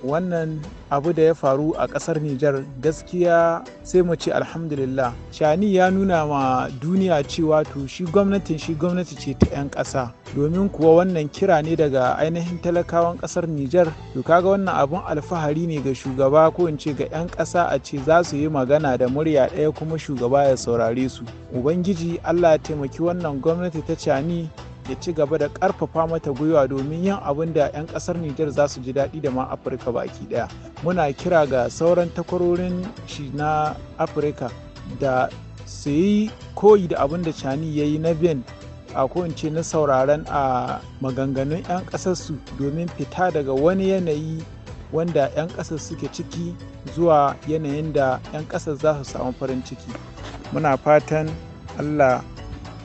wannan abu da ya faru a ƙasar Nijar gaskiya sai mu ce alhamdulillah. Shani ya nuna ma duniya cewa to shi gwamnatin shi gwamnati ce ta 'yan ƙasa. Domin kuwa wannan kira ne daga ainihin talakawan ƙasar Nijar, to kaga wannan abun alfahari ne ga shugaba ko in ce ga 'yan ƙasa a ce za su yi magana da murya ɗaya kuma shugaba ya saurare su. Ubangiji Allah ya taimaki wannan gwamnati ta Cani ya ci gaba da ƙarfafa mata gwiwa domin yin abin da 'yan kasar Nijar za su ji daɗi da ma Afirka baki ɗaya. Muna kira ga sauran takwarorin shi na Afirka da su yi koyi da abin da Cani ya yi na Ben a ce na sauraron a maganganun 'yan ƙasarsu domin fita daga wani yanayi wanda 'yan ƙasar suke ciki zuwa yanayin da 'yan ƙasar za su samu farin ciki muna fatan allah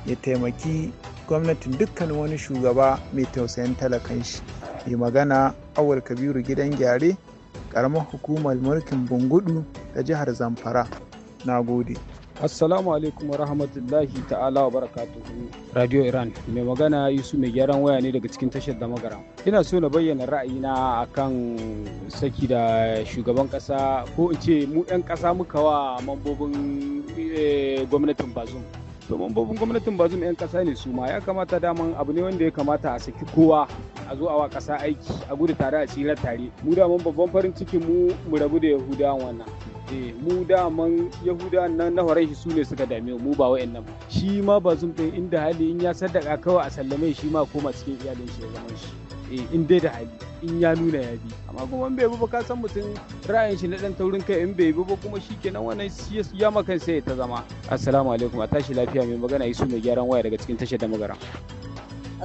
ya taimaki gwamnatin dukkanin wani shugaba mai tausayin talakan shi mai magana awal kabiru gidan gyare karamar hukumar mulkin bungudu da jihar zamfara na gode Assalamu alaikum rahmatullahi ta'ala wa barakatuhu Radio Iran mai magana Yusuf mai gyaran waya ne daga cikin tashar da magara. Ina so na bayyana ra'ayi ra'ayina akan saki da shugaban kasa ko in ce mu 'yan kasa muka wa mambobin eh, gwamnatin Bazum. to mambobin gwamnatin zum 'yan kasa ne su ma ya kamata daman abu ne wanda ya kamata a saki kowa a zo a wa kasa aiki a gudu tare a tsira tare mu daman babban farin cikin mu mu rabu da yahudawan wannan eh, mu daman yahuda nan na horon shi su ne suka dame mu ba wa'annan shi ma zum ɗin inda hali in ya sadaka kawai a sallame shi ma koma cikin iyalin shi ya zama shi Eh, in dai da hali in ya nuna ya bi amma kuma bai bi ba ka san mutum ra'ayin shi na dan taurin kai in bai bi ba kuma shikenan wannan ya makan sai ta zama assalamu alaikum a tashi lafiya mai magana isu mai gyaran waya daga cikin tashar da magara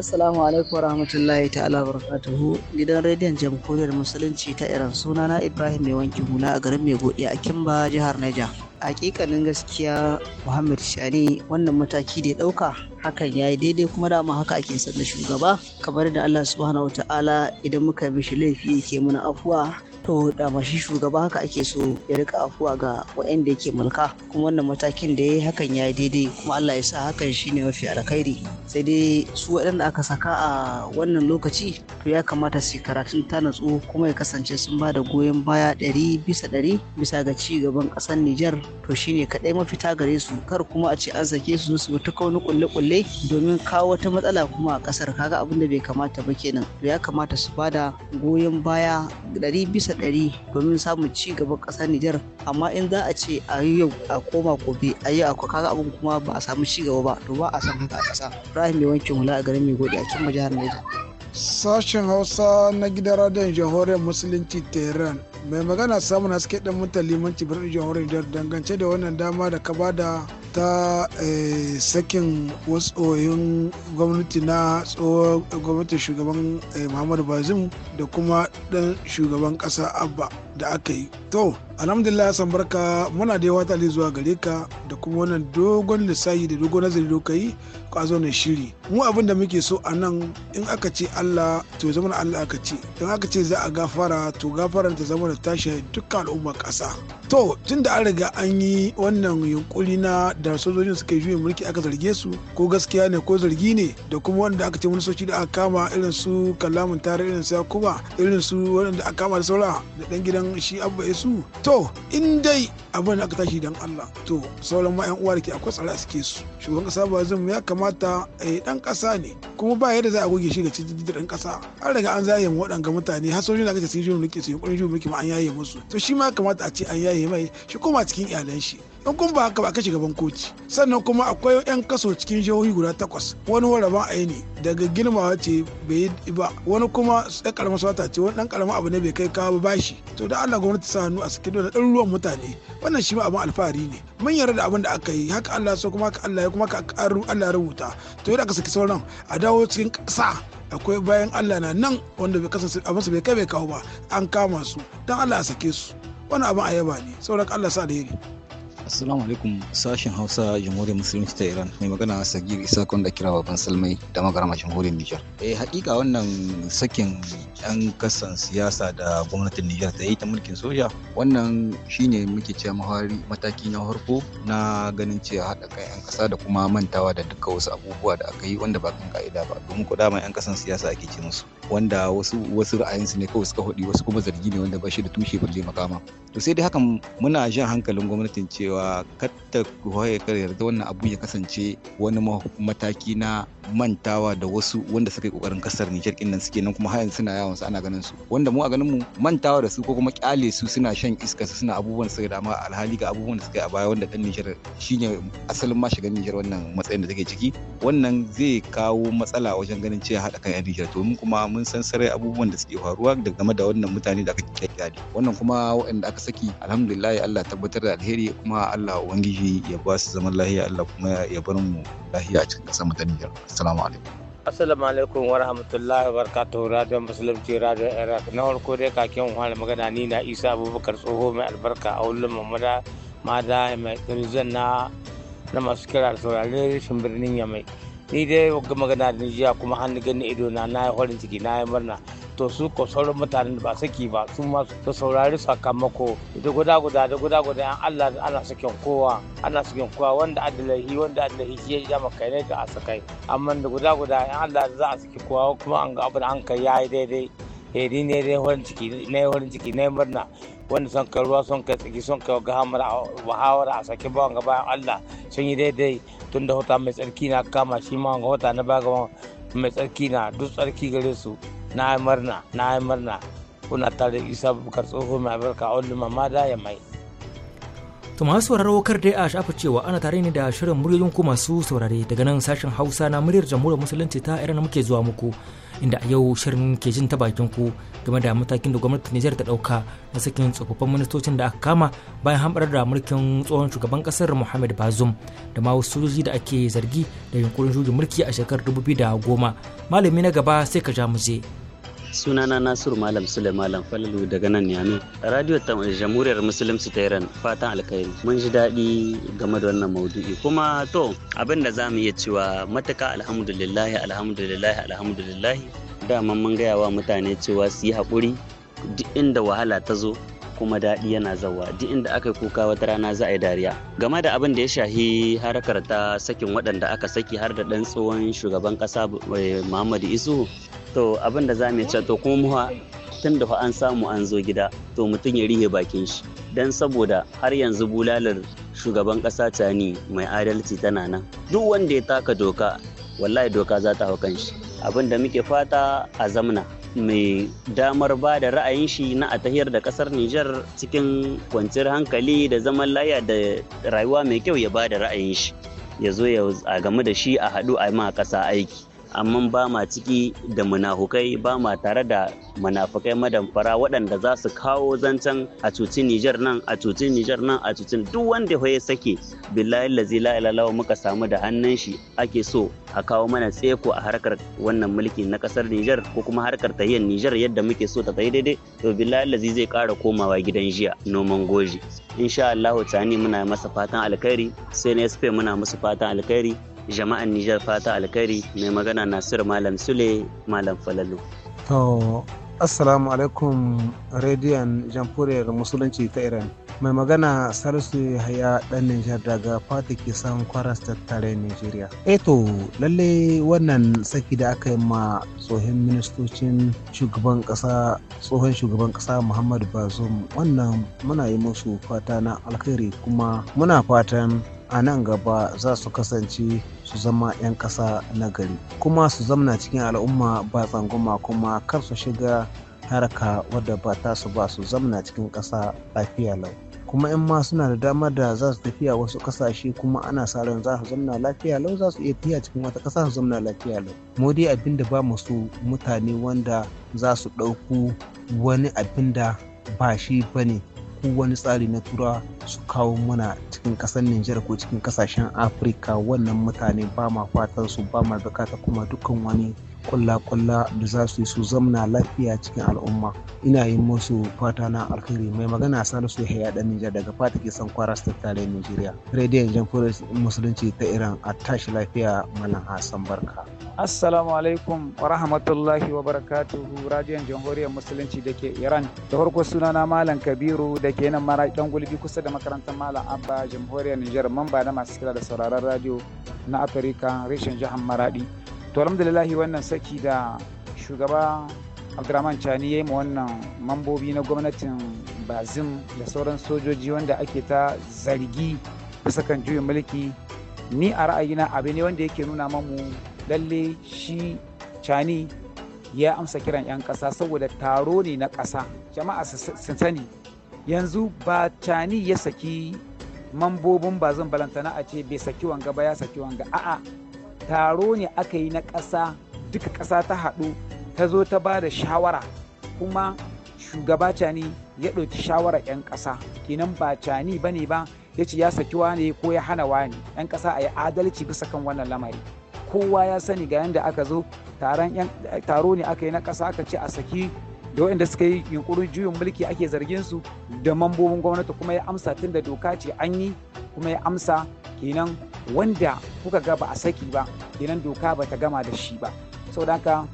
Assalamu alaikum warahmatullahi ta'ala barakatuhu gidan rediyon jamhuriyar musulunci ta Iran na Ibrahim mai wanki hula a garin mai godiya a Kimba jihar Niger. Hakikanin gaskiya Muhammad Shani wannan mataki da ya dauka hakan yayi daidai kuma da dama haka ake son da shugaba kamar da Allah subhanahu ta'ala idan muka mishi laifi yake muna afuwa to dama shi shugaba haka ake so ya rika afuwa ga waɗanda ke mulka kuma wannan matakin da ya yi hakan ya yi daidai kuma Allah ya sa hakan shine mafi alkhairi sai dai su waɗanda aka saka a wannan lokaci to ya kamata su karatun ta natsu kuma ya kasance sun ba da goyon baya ɗari bisa ɗari bisa ga ci gaban ƙasar Nijar to shine kaɗai mafita gare su kar kuma a ce an sake su su ta kauni kulle-kulle domin kawo wata matsala kuma a ƙasar kaga abin da bai kamata ba kenan to ya kamata su ba da goyon baya ɗari bisa ɗari domin samun ci gaban kasar Nijar amma in za a ce a yi a koma gobe a yi a kaga abin kuma ba a samu ci gaba ba to ba a san haka a ƙasa Ibrahim mai wankin hula a garin mai a cikin jihar Nijar. Sashen Hausa na gidan radiyon Jamhuriyar Musulunci Tehran mai magana samun haske ɗan dan mutan limanci birnin jamhuriyar dangance da wannan dama da ka bada ta eh, sakin wasu tsohon gwamnati na tsohon gwamnatin shugaban eh, muhammadu bazum da kuma ɗan shugaban ƙasa abba da aka yi to alhamdulillah san barka muna da yawa tali zuwa gare ka da kuma wannan dogon lissahi da dogon nazari da yi ka zo ne shiri mu abin da muke so a nan in aka ce Allah to zama Allah aka ce in aka ce za a gafara to gafaran ta zama da tashi duka al'umma ƙasa to tun da an riga an yi wannan yunkuri na da sojojin suka yi mulki aka zarge su ko gaskiya ne ko zargi ne da kuma wanda aka ce wani soci da aka kama irin su kallamun tare irin su yakuba irin su wanda aka kama da saura da dan gidan nan shi abba ya isu to in dai abin da aka tashi dan Allah to sauran ma 'yan uwa da ke akwai tsara suke su shugaban kasa ba zan ya kamata a dan kasa ne kuma ba yadda za a goge shi da cikin dan kasa an riga an zaye mu waɗanga mutane har sojin da aka ce sun yi mulki su yi ƙwarin mulki ma an yaye musu to shi ma kamata a ce an yaye mai shi kuma cikin iyalan shi in kun ba haka ba kashe gaban koci sannan kuma akwai yan kaso cikin jihohi guda takwas wani horaban a ne daga girma ce bai yi ba wani kuma ya karama sata ce wani dan karama abu ne bai kai kawo ba bashi to da Allah gwamnati sa hannu a saki da ɗaruruwan mutane wannan shi ma abin alfahari ne mun yarda da abin da aka yi haka Allah so kuma haka Allah ya kuma haka Allah ya rubuta to yadda aka saki sauran a dawo cikin ƙasa akwai bayan Allah na nan wanda bai kasance abin su bai kai bai kawo ba an kama su dan Allah a sake su wani abin ayaba ne saboda Allah sa da alheri Assalamu alaikum sashen Hausa Jamhuriyar Musulunci ta Iran mai magana Sagir Isa da kira baban Salmai da magarama Jamhuriyar Nijar. Eh hakika wannan sakin yan kasan siyasa da gwamnatin Nijar ta yi ta mulkin soja wannan shine muke cewa mahari mataki na farko na ganin cewa haɗa kai yan kasa da kuma mantawa da duka wasu abubuwa da aka yi wanda ba kan ka'ida ba domin ko dama yan kasan siyasa ake ce musu wanda wasu wasu ra'ayinsu ne kawai suka hudi wasu kuma zargi ne wanda ba shi da tushe balle makama to sai dai hakan muna jan hankalin gwamnatin cewa cewa katta waye kar yarda wannan abu ya kasance wani mataki na mantawa da wasu wanda suka yi kokarin kasar Nijar din nan suke nan kuma hayan suna yawon su ana ganin su wanda mu a ganin mu mantawa da su ko kuma kyale su suna shan iska su suna abubuwan su da ma alhali ga abubuwan da suka yi a baya wanda dan Nijar shine asalin ma shiga Nijar wannan matsayin da take ciki wannan zai kawo matsala wajen ganin cewa haɗa kan yan Nijar to mun kuma mun san sarai abubuwan da suke faruwa da game da wannan mutane da aka gadi wannan kuma waɗanda aka saki alhamdulillah Allah tabbatar da alheri kuma Allah ubangiji ya ba su zaman lahiya Allah kuma ya bar mu lahiya a cikin ƙasar mu ta Niger assalamu alaikum Assalamu alaikum wa rahmatullahi wa barakatuhu Radio Musulunci Radio Iraq na farko dai kakin wani magana ni na Isa Abubakar tsoho mai albarka a wulin mamada mada mai tsirzan na na masu kira da saurare rashin birnin Yamai. ni dai ga magana da jiya kuma hannu gani ido na na yi farin ciki na yi murna to su ko sauran mutanen da ba saki ba su ma su saurari sakamako da guda guda da guda guda an Allah ana sakin kowa ana sakin kowa wanda adalahi wanda adalahi shi ya ja kai ne da asakai amma da guda guda an Allah za a saki kowa kuma an ga abin an kai yayi daidai eh ni ne dai farin ciki ne farin ciki ne murna wanda son kai ruwa son kai tsaki son kai ga hamara wahawara a saki bawan bayan Allah sun yi daidai tun da wata mai tsarki na kama shi ma wanga wata na baga mai tsarki na duk tsarki gare su na yi murna na yi murna kuna tare isa bukar tsoho mai albarka a wani da ya mai To masu sauraro kar dai a shafa cewa ana tare ne da shirin muryoyin ku masu saurare daga nan sashen Hausa na muryar jamhuriyar musulunci ta Iran muke zuwa muku. inda a yau shirin ke jin ta bakin ku game da matakin da gwamnatin Nijar ta dauka na sakin tsofaffin ministocin da aka kama bayan hamɓar da mulkin tsohon shugaban kasar Muhammad Bazoum da ma wasu sojoji da ake zargi da yunkurin shugin mulki a shekarar 2010 malami na gaba sai ka ja mu sunana nasiru malam sule malam falalu daga nan yami radio ta jamhuriyar musulunci ta iran fatan alkhairi mun ji daɗi game da wannan maudu'i kuma to abin da za mu iya cewa matuka alhamdulillahi alhamdulillahi alhamdulillahi dama mun gaya wa mutane cewa su yi haƙuri duk inda wahala ta zo kuma daɗi yana zawa duk inda aka yi kuka wata rana za a yi dariya game da abin da ya shahi harkar ta sakin waɗanda aka saki har da ɗan tsohon shugaban ƙasa eh, muhammadu isu to abin da za mu ce to kuma muha tun da an samu an zo gida to mutum ya rihe bakin shi dan saboda har yanzu bulalar shugaban ƙasa tani mai adalci tana nan duk wanda ya taka doka wallahi doka za ta hau kanshi abin da muke fata a zamna mai damar ba da ra'ayin shi na a tahiyar da kasar Nijar cikin kwanciyar hankali da zaman laya da rayuwa mai kyau ya ba da ra'ayin shi ya zo ya game da shi a haɗu a ma ƙasa aiki. amma ba ma ciki da munafukai ba ma tare da munafukai madamfara waɗanda za su kawo zancen a cuci Nijar nan a cuci Nijar nan a cuci duk wanda ya sake billahi lazi la ilaha muka samu da hannun shi ake so a kawo mana tseko a harkar wannan mulki na kasar Nijar ko kuma harkar tahiyyar Nijar yadda muke so ta tsaye daidai to billahi lazi zai ƙara komawa gidan jiya noman goji insha Allah tani muna masa fatan alkhairi sai na muna musu fatan alkhairi jama'an Nijar fata alkari mai magana Nasiru Malam Sule Malam Falalu. To, Assalamu alaikum rediyon jamhuriyar Musulunci ta Iran. mai magana sarsu haya dan nijar daga fata ke samun kwaras tattare nigeria eto eh lalle wannan saki da aka yi ma tsohon ministocin shugaban kasa tsohon shugaban kasa muhammadu bazum wannan muna yi musu fata na alkhairi kuma muna fatan a nan gaba za su kasance su zama 'yan ƙasa na gari kuma su zamna cikin al'umma ba tsangwama kuma kar su shiga harka wadda ba ta su ba su zamna cikin ƙasa lafiya lau kuma in ma suna da dama da za su tafiya wasu kasashe kuma ana sa ran za su zamna lafiya lau za su iya tafiya cikin wata kasa su zamna lafiya lau mu dai abin da ba mu mutane wanda za su ɗauko wani abin da ba shi ba ne ko wani tsari na tura su kawo mana cikin ƙasar Nijar ko cikin kasashen Afirka wannan mutane ba ma fatan su ba ma zakata kuma dukkan wani kulla-kulla da za su yi su zamna lafiya cikin al'umma ina yi musu fata na alkhairi mai magana a su haya dan nijar daga fata ke san kwara su tare nigeria rediyon jamhuriyar musulunci ta iran a tashi lafiya malam hassan barka assalamu alaikum wa rahmatullahi wa barakatuhu radiyon jamhuriyar musulunci da ke iran da farko sunana malam kabiru da ke nan mara dan gulbi kusa da makarantar malam abba jamhuriyar nijar mamba na masu kira da sauraron radio na afirka reshen jihar maradi to alhamdulillahi wannan saki da shugaba abdurrahman chani ya yi ma wannan mambobi na gwamnatin bazim da sauran sojoji wanda ake ta zargi bisa kan juyin mulki ni a ra'ayina abu ne wanda yake nuna mamu lalle shi cani ya amsa kiran 'yan kasa saboda taro ne na kasa jama'a sun sani yanzu ba cani ya saki mambobin bazin balantana a ce bai saki wanga ba ya saki wanga a'a taro ne aka yi na ƙasa duka ƙasa ta haɗu ta zo ta ba da shawara kuma shugaba cani ya ɗauki shawara 'yan ƙasa kenan ba cani ba ne ba ya ce ya saki wane ko ya hana wane 'yan ƙasa a yi adalci bisa kan wannan lamari kowa ya sani ga yadda aka zo taro ne aka yi na ƙasa aka ce a saki da waɗanda suka yi yunkurin juyin mulki ake zargin su da mambobin gwamnati kuma ya amsa tun da doka ce an yi kuma ya amsa kenan wanda kuka ga ba a saki ba idan doka ba ta gama da shi ba saboda haka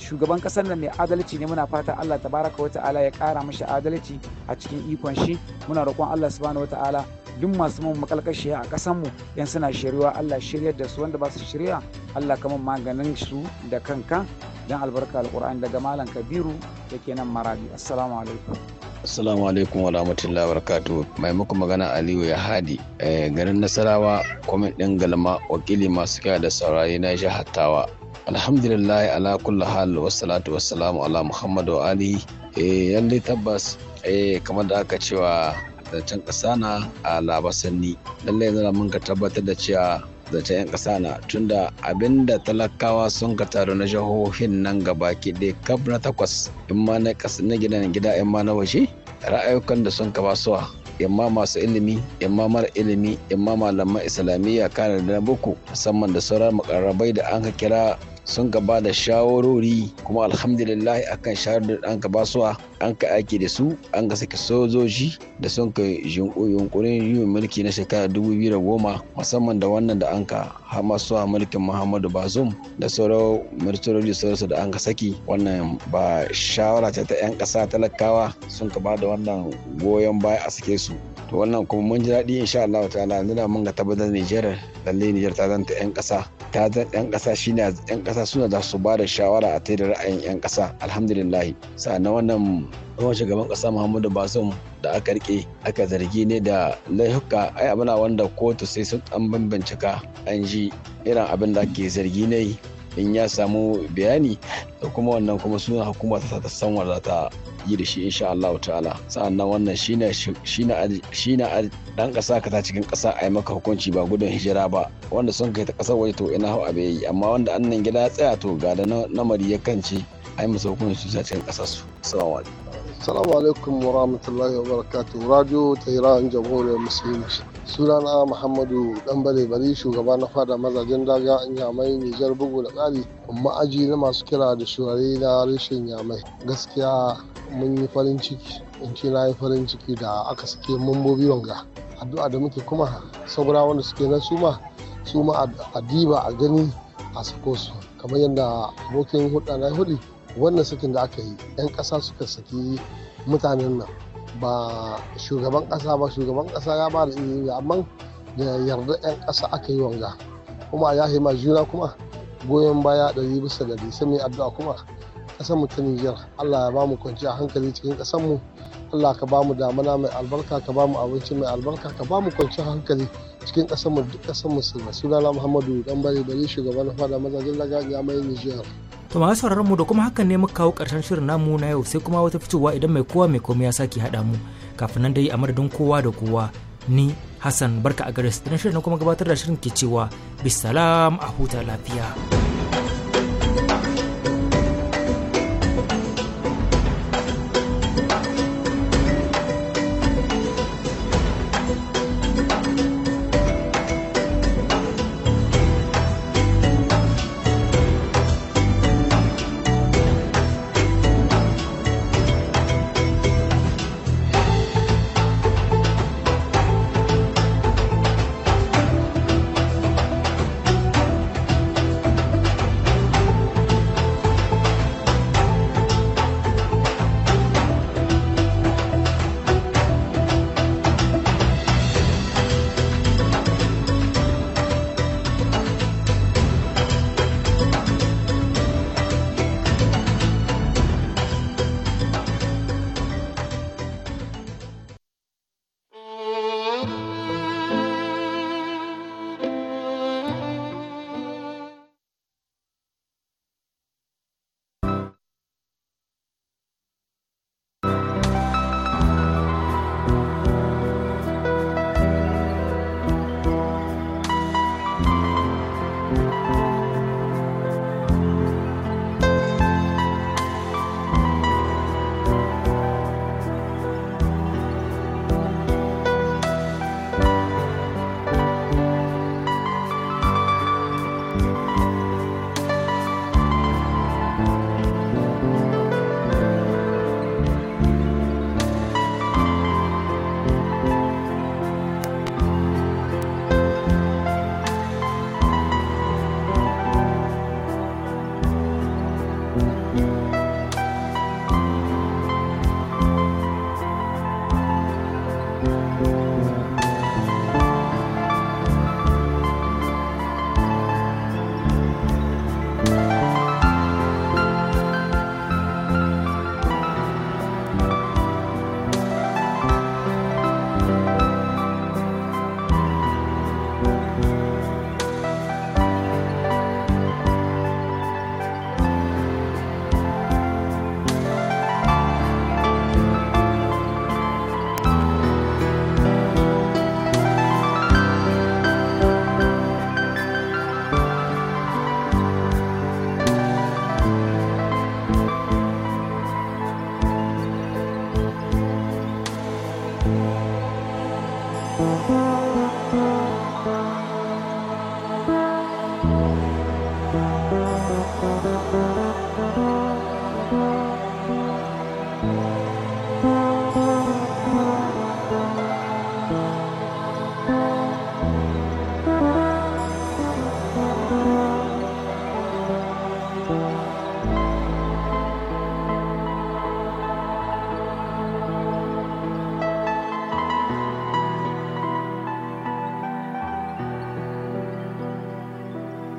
shugaban kasar nan mai adalci ne muna fata Allah tabaraka wata'ala ya kara mashi adalci a cikin ikon shi muna roƙon Allah subhanahu wata'ala duk masu mun makalkashi a kasar mu yan suna shiriwa Allah shiryar da su wanda ba su shirya Allah kama maganin su da kanka dan albarka alquran daga malam Kabiru yake nan Maradi assalamu alaikum Assalamu alaikum wa rahmatullahi wa barakatuh. Mai muku magana Aliyu ya hadi eh, garin Nasarawa, kwamin din Galma, wakili masu kya da saurari na jihar Tawa. alhamdulillah ala kulli hal wassalatu wassalamu ala muhammad wa ali eh yalle tabbas eh kamar da aka cewa zancen ƙasa na a labasanni lallai yanzu mun ka tabbatar da cewa zancen 'yan ƙasa na tunda abinda talakawa sun ka taru na jihohin nan gabaki ɗaya kaf na takwas in ma na gidan gida in ma na waje ra'ayukan da sun ka basuwa yamma masu ilimi yamma mara ilimi yamma malaman islamiyya kana da na boko musamman da sauran makarabai da an ka kira sun ka ba da shawarori kuma alhamdulillah akan shawarar da an ka suwa an ka aiki da su an ka saki sojoji da sun ka yunkurin yin mulki na shekara goma musamman da wannan da an ka hamasuwa mulkin muhammadu bazum da sauran martirori sauransu da an ka saki wannan ba shawara ta ta 'yan kasa talakawa sun ka ba da wannan goyon baya a sake su to wannan kuma mun ji daɗi insha Allah ta'ala yanzu da mun ga tabbatar Nijar lalle Nijar ta zanta 'yan kasa ta zanta 'yan ne shine 'yan kasa. kasa suna da su ba da shawara a da ra'ayin 'yan ƙasa alhamdulillah na wannan tsohon shugaban kasa muhammadu basum da aka rike aka zargi ne da laifuka ai abuna wanda kotu sai sun an ka an ji irin abin da ake zargi ne in ya samu bayani da kuma wannan kuma suna hukuma ta san wadata yi da shi insha Allah ta'ala nan wannan shi shine dan kasa ka ta cikin kasa a yi maka hukunci ba gudun hijira ba wanda sun kai ta kasar waje to ina hau abe yi amma wanda annan gida ya tsaya to ga da namari ya kance a yi masa hukunci ta cikin kasar su salamu alaikum assalamu alaikum wa rahmatullahi wa radio jamhuriyar musulunci sunana muhammadu dan bare bari shugaba na fada mazajen daga nyamai nijar bugu da ƙari ma'aji na masu kira da shurare na rashin nyamai gaskiya mun yi farin ciki in ce na yi farin ciki da aka suke mambobi wanga addu'a da muke kuma saura wanda suke na suma suma a diba a gani a sako su kamar yadda abokin hudana na hudu wannan sakin da aka yi 'yan ƙasa suka saki mutanen nan ba shugaban ƙasa ba shugaban ƙasa ya ba da izini amma da yarda 'yan ƙasa aka yi wanga kuma ya ma juna kuma goyon baya ɗari bisa da bisa mai addu'a kuma ƙasar mu ta Nijar Allah ya ba mu kwanciya hankali cikin ƙasar mu Allah ka ba mu damana mai albarka ka ba mu abinci mai albarka ka ba mu a hankali cikin ƙasar mu duk ƙasar musulma sunana Muhammadu Dambare bari shugaban fada mazajin lagajiya mai Nijar To ma sauraron mu da kuma hakan ne muka kawo ƙarshen shirin namu na yau sai kuma wata fitowa idan mai kowa mai komai ya saki haɗa mu kafin nan dai a madadin kowa da kowa ni Hassan barka a garis da shirin kuma gabatar da shirin ke cewa bisalam a huta lafiya.